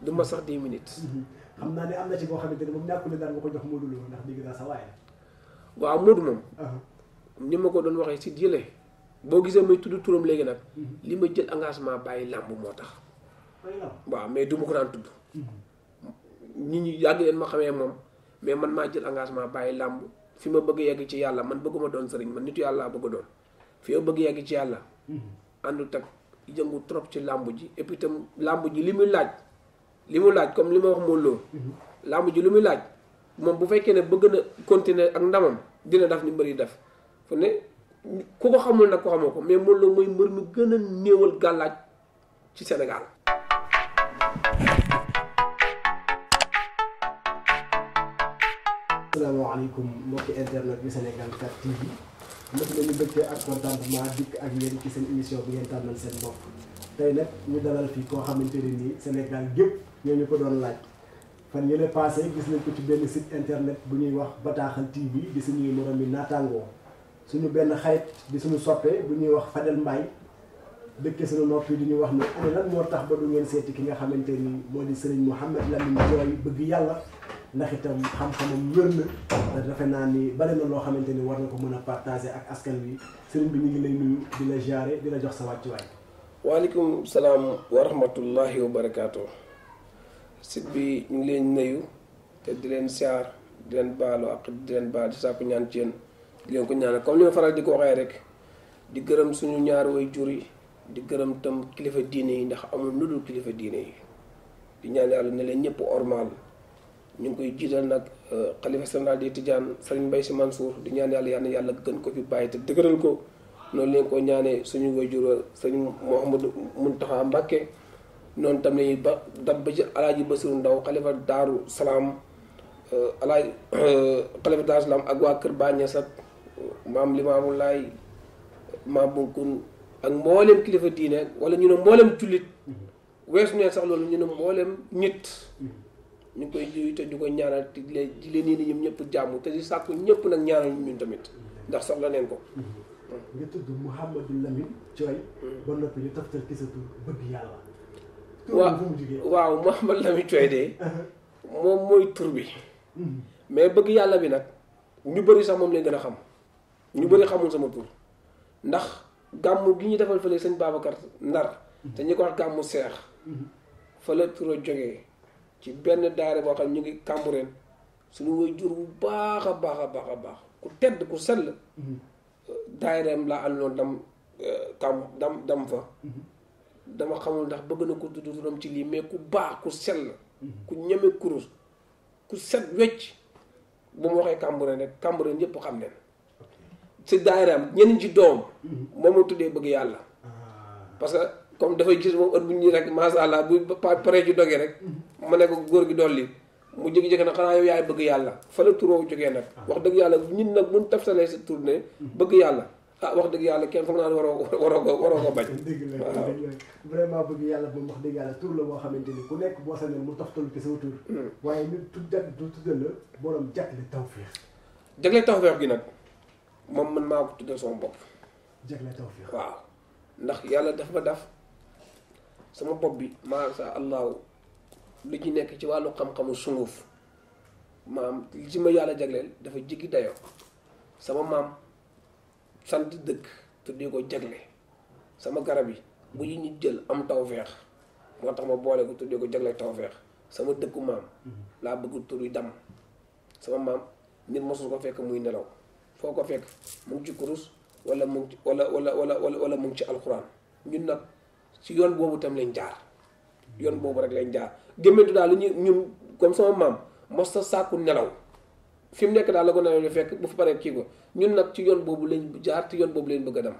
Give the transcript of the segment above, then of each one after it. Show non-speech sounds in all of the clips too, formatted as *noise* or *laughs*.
du ma sax dix minutes. Mm-hmm. xam naa ne am na boo xamante ne moom ñàkkul ne daan ko jox Modou Lo ndax dégg naa sa waaye. waaw Modou moom. Uh-huh. ni ma ko doon waxee si jële boo gisee may tudd turam léegi nag. Mm-hmm. li ma jël engagement bàyyi làmb moo tax. waaw mais du ma ko daan tudd. Mm-hmm. nit ñi yàgg leen ma xamee moom mais man maa jël engagement bàyyi làmb fi ma bëgg yegg ci yàlla man bëgguma doon sëriñ man nitu yàlla bëgg doon fi ma bëgg yegg ci yàlla. àndut ak yëngu trop ci làmb ji et làmb ji li muy laaj. li mu laaj comme li ma wax Modou Lo mhm. làmb ji lu muy laaj moom bu fekkee ne bëgg na continuer ak ndamam dina def ni mbari def fu ne ku ko xamul nag ko xamoo ko mais Modou Lo mooy mbër mi gën a néewal gàllaaj ci Sénégal asalaamaaleykum mbokki internet bi Sénégal 4 TV mbokk la ñu bëgg ak contentement dikk ak yéen ci seen émission bi ngeen tànnal seen bopp tey nag ñu dalal fii koo xamante ne nii Sénégal gépp ñoo ñu ko doon laaj fan yële passé gis nañ ko ci benn site internet bu ñuy wax bataaxal TV di suñuy morom bi naataangoo suñu benn xarit di suñu soppee bu ñuy wax Fadel Mbaye dëkke suñu nopp di ñu wax ne ana lan moo tax ba du ngeen seeti ki nga xamante ni moo di sëriñ Mouhamed Lamine Jooy bëgg yàlla ndax itam xam-xamam wér na te defe naa ni bari na loo xamante ni war na ko mën a partager ak askan bi sëriñ bi ñu ngi lay nuyu di la jaare di la jox sa wàccuwaay waaleykum salaam wa rahmatullahi wa barakaatu. sit bi ñu ngi leen nuyu te di leen siyaar di leen baalu ak di leen baal di sàkku ñaan ci di leen ko ñaanal comme li ma faral di ko waxee rek di gërëm suñu ñaar way jur yi di gërëm tam kilifa diine yi ndax amul lu dul kilifa diine di ñaan yàlla ne leen ñëpp ormal ñu ngi koy jiital nag euh, xalifa général di Tijaan Sëriñ Mbay Si Mansour di ñaan yàlla yàlla yàlla gën ko fi bàyyi te dëgëral ko noonu leen ko ñaanee suñu way jur Sëriñ Mouhamadou Mountakha Mbacké noonu tam lañuy ba dab ba ci alaaji Basiru Ndaw xalifa daaru salaam euh, alaaj euh, xalifa daaru salaam ak waa kër Ba Ñas ak euh, maam Limaamu Laay maam Bunkun ak mboolem kilifa diine wala ñu ne mboolem jullit mm-hmm. weesu ne sax loolu ñu ne mboolem nit mm-hmm. ñu koy juy ñu koy ñaanal te di leen yéen ñoom ñëpp jàmm te di ñëpp nag ñaanal ñun tamit mm-hmm. ndax soxla neen ko mm. nga tudd Mouhamadou mm. ñu taftal ki sa tur bëgg yàlla waaw waaw la Lamine Thioye de *laughs* moom mooy tur bi mm-hmm. mais bëgg yàlla bi nag ñu bëri sax moom lañ gën a xam ñu mm-hmm. bëri xamuñ sama tur ndax gàmmu gi ñu defal fële sëñ Babacar Ndar te mm-hmm. ñu ko gàmmu seex fële tur a jógee ci benn daara boo xam ñu ngi kàmbureen suñu way jur bu baax a baax a baax a baax ku tedd ku sell daayireem laa àndoon dam kam euh, dam dam fa dama xamul ndax bëgg na ko tudd turam ci lii mais ku baax ku sell ku ñeme kurus ku set wecc bu mu waxee Cambérène rek Cambérène ñëpp xam leen si daayiraam ñenn ci doom mhm. moom la tuddee bëgg yàlla ah. parce que comme dafay gis moom ëtt bu ñu rek macha allah bu pare ji dogee rek mhm. ma ne ko góor gi dolli mu jékki-jékki na xanaa yow yaay bëgg yàlla fa la turoo jógee nag ah. wax dëgg yàlla nit nag mun taftalee sa tournée mhm. bëgg yàlla ah wax dëgg yàlla kenn foog naa ne waroo waroo ko waroo ko bañ. dëgg la vraiment bëgg yàlla moom wax dëgg yàlla tur la boo xamante ni ku nekk boo sañoon mu toftalu ci sama tur. waaye nit tu jag du tuddal la borom jagle tawféex. jagle tawféex gi nag moom man maa ko tuddal sama bopp. jagle tawféex waaw ndax yàlla dafa daf sama bopp bi maa sa allahu lu ci nekk ci wàllu xam-xamu sunguf maam li ci ma yàlla jagleel dafa jiggi dayoo sama maam. sant dëkk tuddee ko jagle sama garab yi bu ñu nit jël am tawfeex moo tax ma boole ko tuddee ko jagle tawfeex sama dëkku maam mhm. laa bëgg tur yi dam sama maam nit mosul ko fekk muy nelaw foo ko fekk mu ci kurus wala mu ngi ci wala wala wala wala mu ci alxuraan ñu nag ci yoon boobu tam lañ jaar yoon boobu rek lañ jaar gémmantu daal lu ñu ñu comme sama maam mos sa sàkku nelaw fi mu nekk daal la ko nawet bi fekk bu fa paree kii ko ñun nag ci yoon boobu lañ jaar ci yoon boobu leen bëgg a dem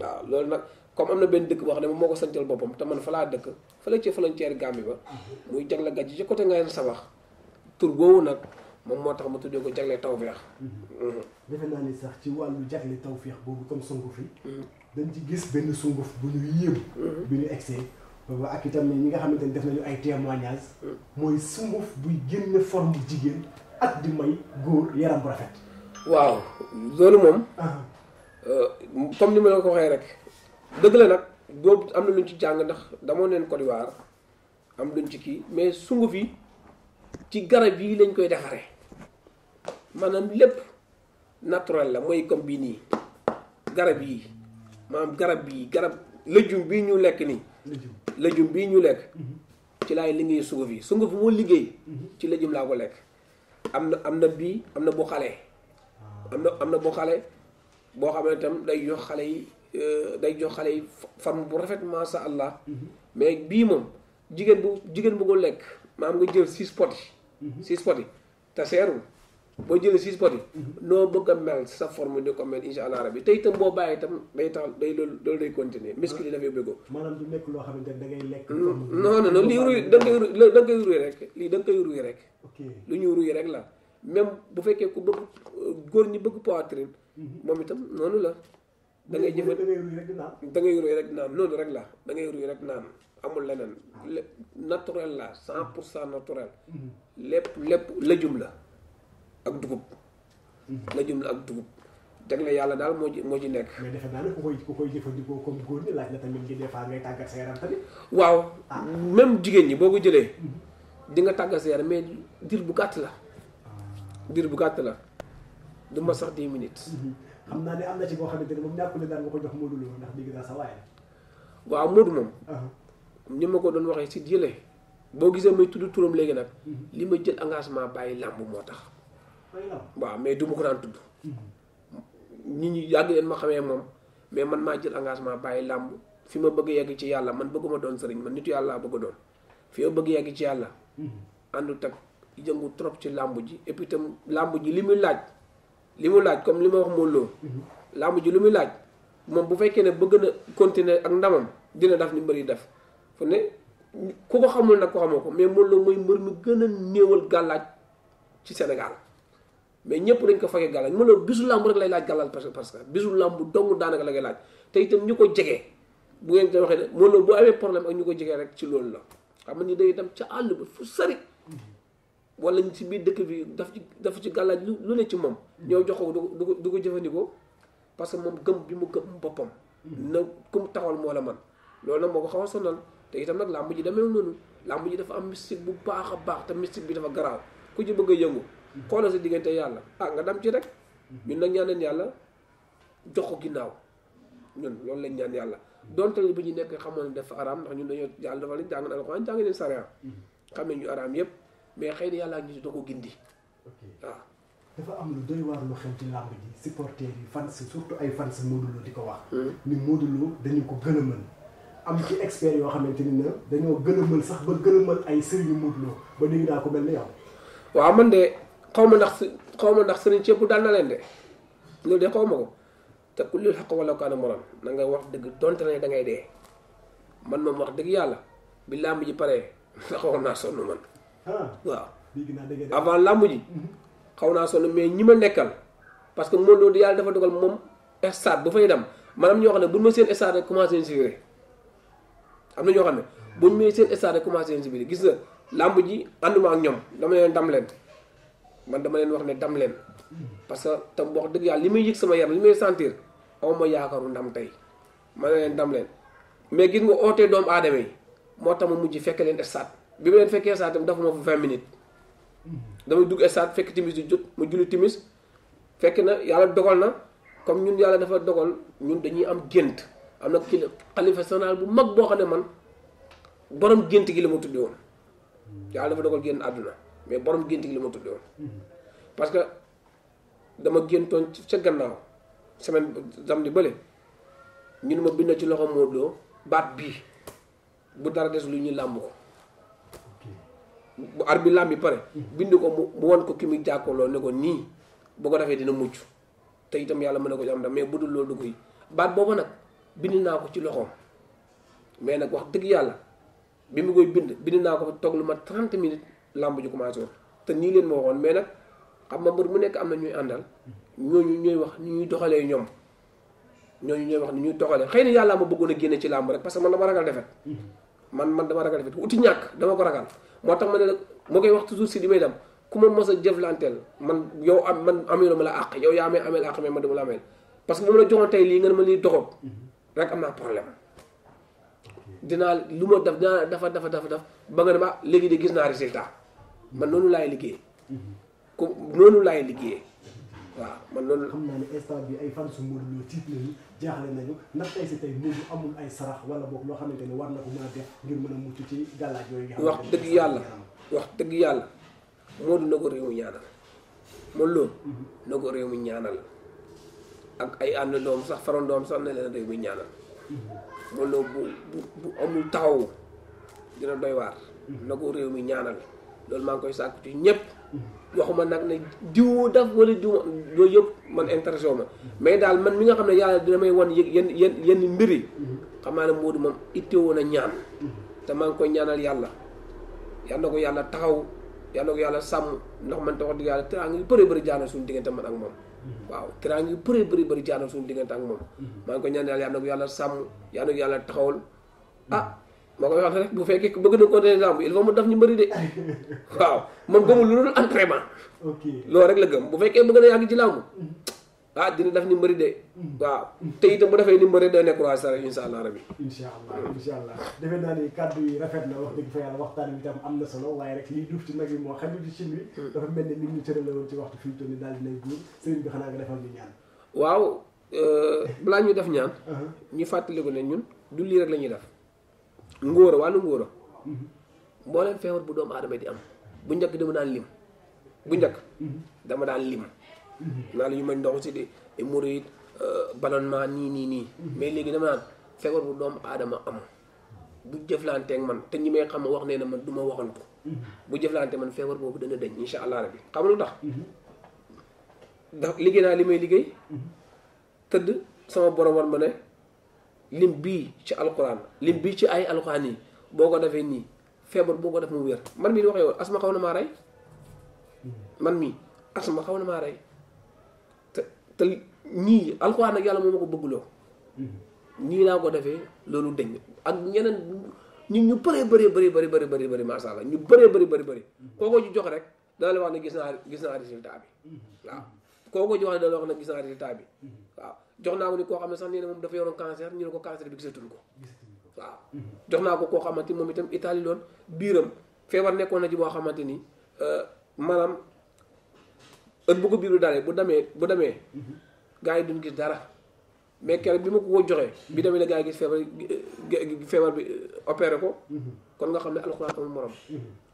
waaw loolu nag comme am na benn dëkk boo xam ne moo ko sancal boppam te man fa laa dëkk fële ci frontière Gambie ba muy jagle gàcce ci côté Ngayeen Sabax tur boobu nag moom moo tax ma tuddee ko jagle tawféex. Mhm. defe naa ni sax ci wàllu jagle tawféex boobu comme sunguf yi. Mhm. dañ ci gis benn sunguf bu ñu yéem. Mhm. bi ñu egsee ba ak itam ñi nga xamante ni def nañu ay témoignages. mooy sunguf buy génne forme jigéen. ak di may góor yaram bu rafet. waaw loolu moom. Ah. Euh, comme ni ma la ko waxee rek. dëgg la nag boobu am na luñ ci jàng ndax damoo neen Côte d'Ivoire am luñ ci kii mais sunguf yi ci garab yi lañ koy defaree maanaam lépp naturel la mooy comme bii nii garab yi maanaam garab yi garab lëjum bii ñu lekk nii. lëjum bii ñu lekk. Mhm. ci laay liggéey sunguf yi sunguf moo liggéey. Mhm. ci lëjum laa ko lekk. am na am na bii am na bu xale am na am na bu xale boo xam ne tam day jox xale yi euh, day jox xale yi fam bu rafet macha allah mhm. mais bii moom jigéen bu jigéen buggu lekk maa am nga jël six pot yi mhm. six te seerul boo jëlee six pot yi noo bëgg a mel sa forme di ko mel insha allah rabbi te itam boo bàyyi itam day tax day loolu loolu day continuer ah. muscle yi dafay bëggoo maanaam du nekk loo xamante ne da ngay lekk mm, non non non lii ruy rek lii da nga koy ruy rek lu ñu ruy rek la même bu fekkee ku bëgg góor ñi bëgg poitrine mhm. moom itam noonu la da ngay jëfan da ngay ruy rek naan noonu rek la da ngay ruy rek naan amul leneen naturel la cent pour cent naturel mhm. lépp lépp lëjum la ak dugub. la jumla ak dugub. jagle yàlla daal moo ji moo ci nekk. defe naa ne koy jëfandikoo comme góor ñi laaj na tamit ngi des fois waaw ah. même jigéen ñi boo ko jëlee. Mhm. di nga tàggat sa yaram mais diir bu gàtt la. Ah. diir bu gàtt la. du ma sax dix minutes. Mhm. xam naa ne am na ci boo xamante ne moom ñàkkul daal nga ko jox Modou Lo ndax dégg sa waaw Modou moom. Ah. ni ma ko doon waxee si jëlee. boo gisee may tudd turam léegi nag. Mhm. li ma jël engagement bàyyi làmb moo tax. waaw mais du ma ko daan tudd. nit ñi yàgg leen ma xamee moom mais man maa jël engagement bàyyi làmb fi ma bëgg yegg ci yàlla man bëgguma doon sëriñ man nitu yàlla bëgg doon fi ma bëgg yegg ci yàlla. àndut ak jëngu trop ci làmb ji et puis làmb ji li muy laaj li mu laaj comme li ma wax Mawlo. làmb ji li muy laaj moom bu fekkee ne bëgg na continuer ak ndamam dina def ni mbëri def fu ne ku ko xamul nag ko xamoo ko mais Mawlo mooy mbër mu gën a néewal gàllaaj ci Sénégal. mais ñëpp dañ ko fage gàllaaj ma loolu bisu làmb rek lay laaj gàllaaj parce que parce que bisu làmb dong daanaka la ngay laaj te itam ñu ko jege bu ngeen ko waxee ne moo loolu bu amee problème ko jege rek ci loolu la xam nga ni day dem ca àll ba fu sari wala ci biir dëkk bi daf ci dafa ci gàllaaj lu lu ne ci moom ñoo jox ko du ko jëfandikoo parce que moom gëm bi mu gëm boppam na kum taxawal moo man loolu nag moo ko xaw a sonal te itam nag làmb ji demee noonu làmb ji dafa am mystique bu baax a baax te mystique bi dafa garaaw ku ci bëgg a yëngu xoolal sa diggante yàlla ah nga dam ci rek ñun nag ñaan yàlla jox ko ginnaaw ñun loolu lañ ñaan yàlla donte li bu ñu nekk xamoon ne dafa araam ndax ñun dañoo jàll dafa lañ jàng na alxuraan jàng nañ sariya mhm. xam nañ ñu araam yëpp mais xëy na yàlla ak ñu si doo ko gindi waaw dafa am lu doy waar lu xew ci làmb ji supporters yi fans surtout ay fans Modou Lo di ko wax hmm. ni Modou Lo dañu ko gën a mën am ci expert yoo xamante ni na dañoo gën a sax ba gën mën ay sëriñu Modou Lo ba léegi daa ko mel ni yow waaw man de xawma ndax xawma ndax sëriñ cëpp daan na leen de loolu de xawma ko te ku lil xaq wala kaana morom na nga wax dëgg donte ne da ngay dee man moom wax dëgg yàlla bi lamb ji paree *laughs* xaw naa sonn man waaw avant lamb ji mhm. xaw naa sonn mais ñi ma nekkal parce que moom loolu yàlla dafa dogal moom estade bu fay dem maanaam ñoo xam ne buñ ma seen estade rek commencé insiviré am na ñoo xam ne buñ ma seen estade rek commencé insiviré gis nga lamb ji anduma ak ñoom dama leen dam leen man dama leen wax ne dam leen parce que tam wax dëgg yàlla li may yëg sama yaram li may sentir aw ma yaakaaru ndam tey ma ne leen dam leen mais gis ma ootee doomu aadama yi moo tax ma mujj fekk leen stade bi ma leen fekkee stade tam dafa ma fa vingt minutes damay dugg stade fekk timis di ma julli timis fekk na yàlla dogal na comme ñun yàlla dafa dogal ñun dañuy am gént am na kii xalifa général bu mag boo xam ne man borom gént gi la ma tuddi woon yàlla dafa dogal génn àdduna mais boroom gént gi la ma tudde woon mhm. parce que dama géntoon ca gannaaw semaine samedi bële ñun ma bind ci loxo Modou Lo baat bii bu dara des lu ñu làmb ko bu ar bi làmb bi pare mhm. bind ko mu won ko ki muy jàkkooloo ne ko nii bu ko defee dina mucc te itam yàlla mën na ko ci am da mais bu dul loolu du koy baat boobu nag bind naa ko ci loxoom mais nag wax dëgg yàlla bi mu koy bind bind naa ko toog lu ma 30 minutes làmb ju commencé te nii leen ma waxoon mais nag xam nga mbër mu nekk am na ñuy àndal ñooñu ñooy wax ñu ñuy doxalee ñoom ñooñu ñooy wax ni ñuy doxalee xëy na yàlla ma bëggoon a génne ci làmb rek parce que man dama ragal defet man man dama ragal defet dama ko ragal moo tax ma ne moo koy wax toujours si di may dem ku ma mos a jëflanteel man yow am man amee ma la àq yow yaa amee ameel àq mais man dama la ameel parce que bu ma la joxoon tey lii nga ne ma nii doxoon rek am naa problème dinaa lu ma def dinaa dafa dafa dafa daf ba nga ne ma ah, léegi de gis naa résultat man noonu laay liggéey. ku noonu laay liggéey waaw man loolu. xam naa bi ay fan su Modou Lo tiit nañu ndax tey si tey Modou amul ay sarax wala boog loo xamante ne war na ko def ngir mën a mucc ci gàllaaj yooyu. nga wax dëgg yàlla wax dëgg yàlla Modou na ko réew mi ñaanal Modou Lo ko réew mi ñaanal ak ay ànd doom sax farandoom sax ne leen réew mi ñaanal Modou Lo bu bu bu amul taxaw dina doy waar. Mhm. na ko réew mi ñaanal. lool maa ngi koy sàkk ci ñëpp waxuma nag ne diw daf wala diw yooyu yëpp man intéressé ma mais daal man mi nga xam ne yàlla dina may wan yenn yenn yenn mbir yi xam naa ne Modou moom ittewoo na ñaan te maa ngi koy ñaanal yàlla yal na ko yàlla taxaw yal na ko yàlla sàmm ndax man tax di dëgg yàlla teraanga yu bëri bëri jaana suñu diggante man ak moom waaw teraanga yu bëri bëri bëri jaana suñu diggante ak moom maa ngi koy ñaanal yàlla na ko yàlla sàmm yal na ko yàlla taxawal ah moo koy wax rek bu fekkee bëgg na continuer lamb il faut mu daf ñu bëri de waaw moom gëmul lu dul entraînement. ok loolu rek la gëm bu fekkee bëgg na yàgg ci lamb mm. ah dina daf ñu bëri de. Mm. waaw te itam bu defee ni mbëri day nekk croissant rek incha allah rabi. incha allah incha defe naa ni kàddu yi rafet na wax dëgg fa yàlla waxtaan wi tam am na solo waaye rek liy duuf ci nag yi moo xajul ci cin bi. Mm. mel ni nit ñu cërale woon ci waxtu fi mu toll nii daal dinañ guur sëriñ bi xanaa nga defal ñu ñaan. waaw euh, balaa ñu def ñaan. Uh-huh. ñu fàttaliku ne ñun du lii rek la ñuy def ngóora wàllu ngóora mhm. mbooleem feebar bu doomu aadama di am bu njëkk dama daan lim bu njëkk mhm. dama daan lim mhm. naa la ñu mel ndox si di hémorroïde euh, ballonnement nii nii nii mais léegi dama naan feebar bu doom aadama am bu jëflanteeg man te ñi may xam wax nee na man du ma waxoon bu jëflante man feebar boobu dana deñ insha allah rabbi xam lu tax ndax liggéey naa li may liggéey tëdd sama borom ma ne lim bii ci alquran lim bii ci ay alquran boo ko defee nii feebar boo ko def mu wér man mii di wax yow asma xaw na maa rey man mii asma xaw na maa rey te te ñii alquran nag yàlla moo ma ko bëgguloo nii laa ko defee loolu deñ ak ñeneen ñu ñu bëree bëri bare bëri bëri bëri bëri macha allah ñu bëree bëri bëri bëri kooko ci jox rek dana la wax na gis naa gis naa résultat bi mm-hmm. waaw kooko ci wax ne dana la wax ne gis naa résultat bi mm-hmm. waaw jox naa ko ni koo xam ne sax nee na moom dafa yoroon cancer ñu ne ko cancer bi gisatuñ ko waaw mhm. jox naa ko koo xamante moom itam Italie loon biiram feebar nekkoon na ci boo xamante ni euh, maanaam ët bu ko biiru dalee bu demee bu demee mhm. gaa yi duñ gis dara mais keroog bi ma ko ko joxee bi demee la gars yi gis feebar feebar bi euh, opéré ko mhm. kon nga xam ne alxuraan amul morom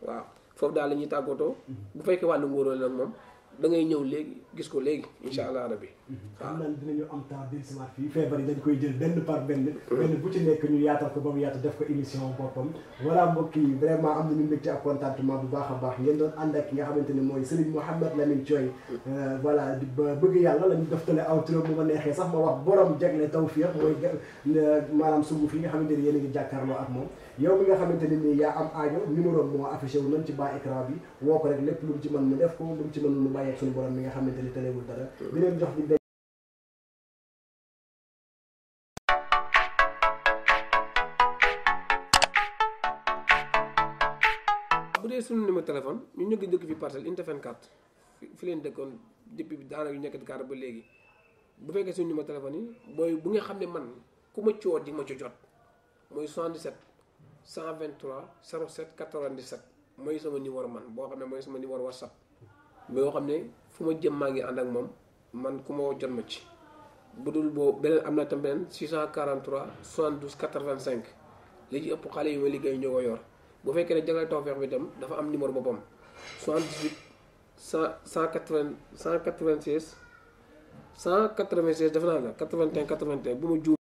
waaw foofu daal la ñuy tàggatoo bu fekkee wàllu ngóoróole nag moom da ngay ñëw léegi gis ko léegi incha allah rabi. Mm-hmm. waaw xam naa dinañu am temps di si waat fii yi dañ koy jël benn par benn. benn bu ci nekk ñu yaatal ko ba mu yaata def ko émission boppam. voilà mbokk yi vraiment am nañu mbégte ak contentement bu baax a baax ngeen doon ànd ak ki nga xamante ne mooy Serigne Mouhamed Lamine Thioye. Euh, voilà di ba bëgg yàlla lañu doftale aw turam bu ma neexee sax ma wax borom jagle tawfiq mooy euh, maanaam suñu fi nga xamante ne yéen a ngi jàkkaarloo ak moom. yow mi xamante ne nii yaa am aajo numéro bi moo affiché wu nañ ci bi woo ko lépp lu mu ci mën mu def ko lu mu ci mën mu bàyyeeg suñu borom mi nga xamante ni tëlewul dara di téléphone ñu ñëkk dëkk fi parcelle unité 24 fi leen dëkkoon bi daanaka ñu nekk Dakar ba léegi bu fekkee suñu ma téléphone yi booy bu nga xam ne man ku ma ci woo di ma ci jot mooy 77 123 07 97 mooy sama numéro man boo xam ne mooy sama numéro whatsapp boo xam fuma fu ma ngi ànd ak moom man kuma ma jot ma ci bu dul boo beneen am na tam beneen 643 72 85 li ci ëpp xale yi ma liggéey ñoo ko yor bu fekkee ne jagleel tawfeex bi tam dafa am numéro boppam 78 180 196 196 dafa naa la 81 81 bu ma